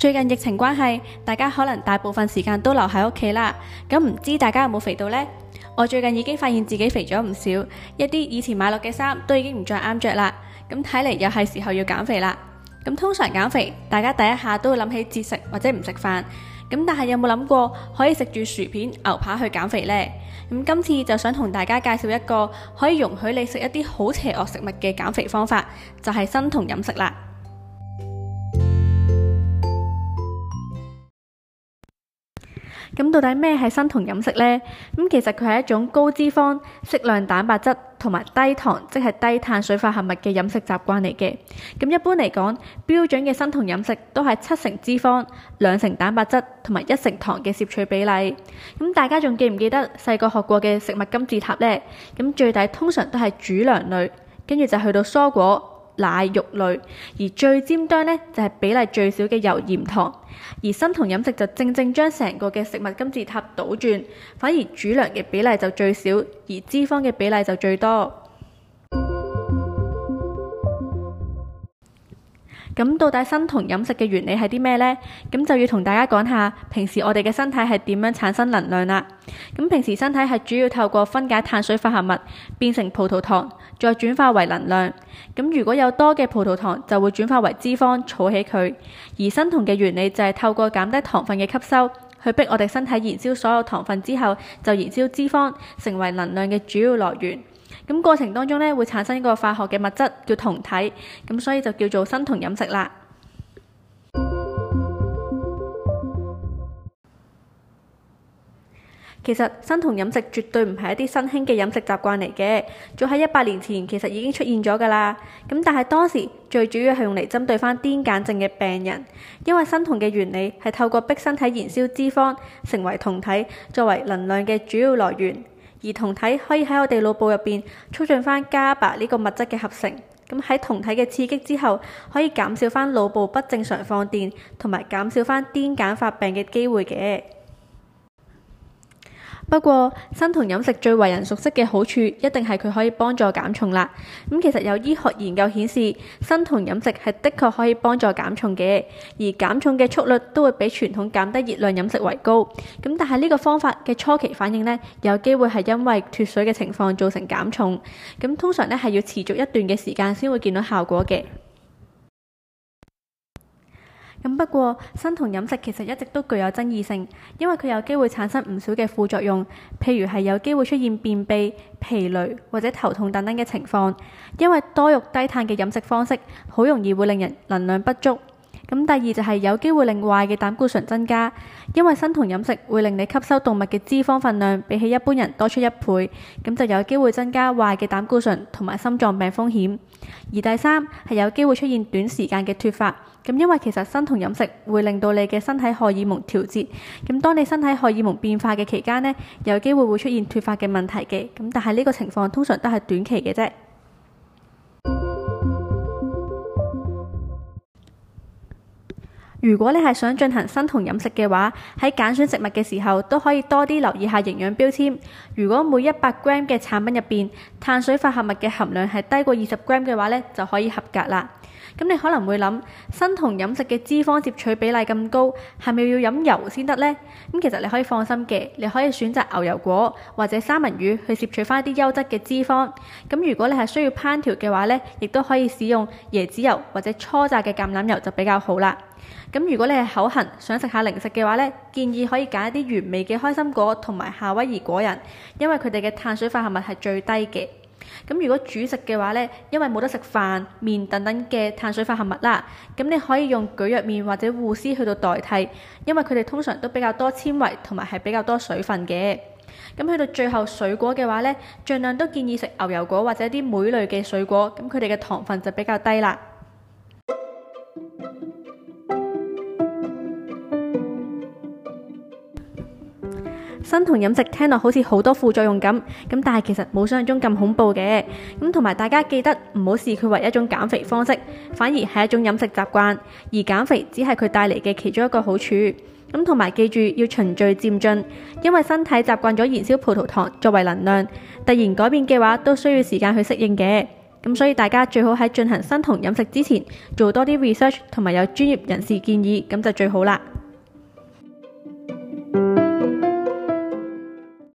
最近疫情關係，大家可能大部分時間都留喺屋企啦。咁唔知大家有冇肥到呢？我最近已經發現自己肥咗唔少，一啲以前買落嘅衫都已經唔再啱着啦。咁睇嚟又係時候要減肥啦。咁通常減肥，大家第一下都會諗起節食或者唔食飯。咁但係有冇諗過可以食住薯片、牛扒去減肥呢？咁今次就想同大家介紹一個可以容許你食一啲好邪惡食物嘅減肥方法，就係、是、生酮飲食啦。咁到底咩係生酮飲食呢？咁其實佢係一種高脂肪、適量蛋白質同埋低糖，即係低碳水化合物嘅飲食習慣嚟嘅。咁一般嚟講，標準嘅生酮飲食都係七成脂肪、兩成蛋白質同埋一成糖嘅攝取比例。咁大家仲記唔記得細個學過嘅食物金字塔呢？咁最底通常都係主糧類，跟住就去到蔬果。奶、肉類，而最尖端呢，就係、是、比例最少嘅油鹽糖，而生酮飲食就正正將成個嘅食物金字塔倒轉，反而主糧嘅比例就最少，而脂肪嘅比例就最多。咁到底生酮飲食嘅原理係啲咩呢？咁就要同大家講下，平時我哋嘅身體係點樣產生能量啦。咁平時身體係主要透過分解碳水化合物變成葡萄糖，再轉化為能量。咁如果有多嘅葡萄糖，就會轉化為脂肪儲起佢。而生酮嘅原理就係透過減低糖分嘅吸收，去逼我哋身體燃燒所有糖分之後，就燃燒脂肪，成為能量嘅主要來源。咁過程當中呢，會產生一個化學嘅物質叫酮體，咁所以就叫做生酮飲食啦。其實生酮飲食絕對唔係一啲新興嘅飲食習慣嚟嘅，早喺一百年前其實已經出現咗㗎喇。咁但係當時最主要係用嚟針對返癲癇症嘅病人，因為生酮嘅原理係透過逼身體燃燒脂肪成為酮體，作為能量嘅主要來源。而酮體可以喺我哋腦部入邊促進翻伽巴呢個物質嘅合成，咁喺酮體嘅刺激之後，可以減少翻腦部不正常放電，同埋減少翻癲癇發病嘅機會嘅。不過，生酮飲食最為人熟悉嘅好處，一定係佢可以幫助減重啦。咁其實有醫學研究顯示，生酮飲食係的確可以幫助減重嘅，而減重嘅速率都會比傳統減低熱量飲食為高。咁但係呢個方法嘅初期反應呢，有機會係因為脫水嘅情況造成減重。咁通常呢係要持續一段嘅時間先會見到效果嘅。咁不過，生酮飲食其實一直都具有爭議性，因為佢有機會產生唔少嘅副作用，譬如係有機會出現便秘、疲累或者頭痛等等嘅情況，因為多肉低碳嘅飲食方式，好容易會令人能量不足。咁第二就係有機會令壞嘅膽固醇增加，因為生酮飲食會令你吸收動物嘅脂肪分量，比起一般人多出一倍，咁就有機會增加壞嘅膽固醇同埋心臟病風險。而第三係有機會出現短時間嘅脫髮，咁因為其實生酮飲食會令到你嘅身體荷爾蒙調節，咁當你身體荷爾蒙變化嘅期間呢，有機會會出現脫髮嘅問題嘅，咁但係呢個情況通常都係短期嘅啫。如果你係想進行生酮飲食嘅話，喺揀選食物嘅時候都可以多啲留意下營養標籤。如果每一百 gram 嘅產品入邊碳水化合物嘅含量係低過二十 gram 嘅話呢，就可以合格啦。咁你可能會諗，生酮飲食嘅脂肪攝取比例咁高，係咪要飲油先得呢？咁其實你可以放心嘅，你可以選擇牛油果或者三文魚去攝取返一啲優質嘅脂肪。咁如果你係需要烹調嘅話呢，亦都可以使用椰子油或者初榨嘅橄欖油就比較好啦。咁如果你係口痕，想食下零食嘅話呢，建議可以揀一啲原味嘅開心果同埋夏威夷果仁，因為佢哋嘅碳水化合物係最低嘅。咁如果主食嘅話呢，因為冇得食飯、麵等等嘅碳水化合物啦，咁你可以用蒟蒻麵或者芋絲去到代替，因為佢哋通常都比較多纖維同埋係比較多水分嘅。咁去到最後水果嘅話呢，儘量都建議食牛油果或者啲莓類嘅水果，咁佢哋嘅糖分就比較低啦。生酮飲食聽落好似好多副作用咁，咁但係其實冇想像中咁恐怖嘅。咁同埋大家記得唔好視佢為一種減肥方式，反而係一種飲食習慣，而減肥只係佢帶嚟嘅其中一個好處。咁同埋記住要循序漸進，因為身體習慣咗燃燒葡萄糖作為能量，突然改變嘅話都需要時間去適應嘅。咁所以大家最好喺進行生酮飲食之前，做多啲 research 同埋有專業人士建議，咁就最好啦。